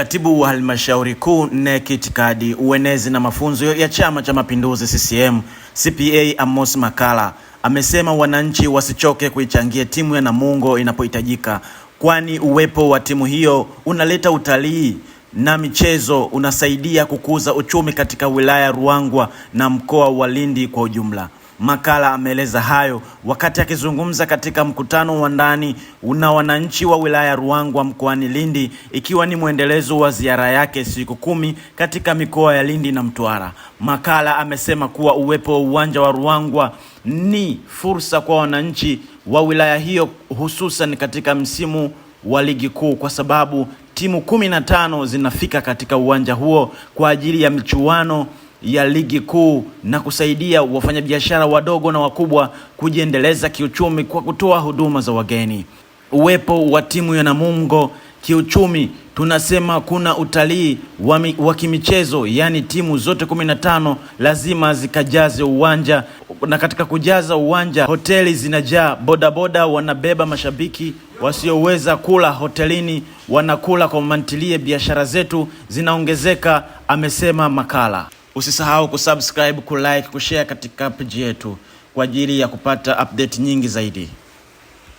Katibu wa halmashauri kuu NEC itikadi, uenezi na mafunzo ya Chama cha Mapinduzi CCM CPA Amos Makalla amesema wananchi wasichoke kuichangia timu ya Namungo inapohitajika, kwani uwepo wa timu hiyo unaleta utalii na michezo unasaidia kukuza uchumi katika wilaya Ruangwa na mkoa wa Lindi kwa ujumla makala ameeleza hayo wakati akizungumza katika mkutano wa ndani na wananchi wa wilaya ya Ruangwa mkoani Lindi, ikiwa ni mwendelezo wa ziara yake siku kumi katika mikoa ya Lindi na Mtwara. makala amesema kuwa uwepo wa uwanja wa Ruangwa ni fursa kwa wananchi wa wilaya hiyo, hususan katika msimu wa ligi kuu kwa sababu timu kumi na tano zinafika katika uwanja huo kwa ajili ya michuano ya ligi kuu na kusaidia wafanyabiashara wadogo na wakubwa kujiendeleza kiuchumi kwa kutoa huduma za wageni. Uwepo wa timu ya Namungo kiuchumi, tunasema kuna utalii wa kimichezo, yaani timu zote kumi na tano lazima zikajaze uwanja, na katika kujaza uwanja hoteli zinajaa, bodaboda wanabeba mashabiki wasioweza kula hotelini, wanakula kwa mantilie, biashara zetu zinaongezeka, amesema Makala. Usisahau kusubscribe, kulike, kushare katika page yetu kwa ajili ya kupata update nyingi zaidi.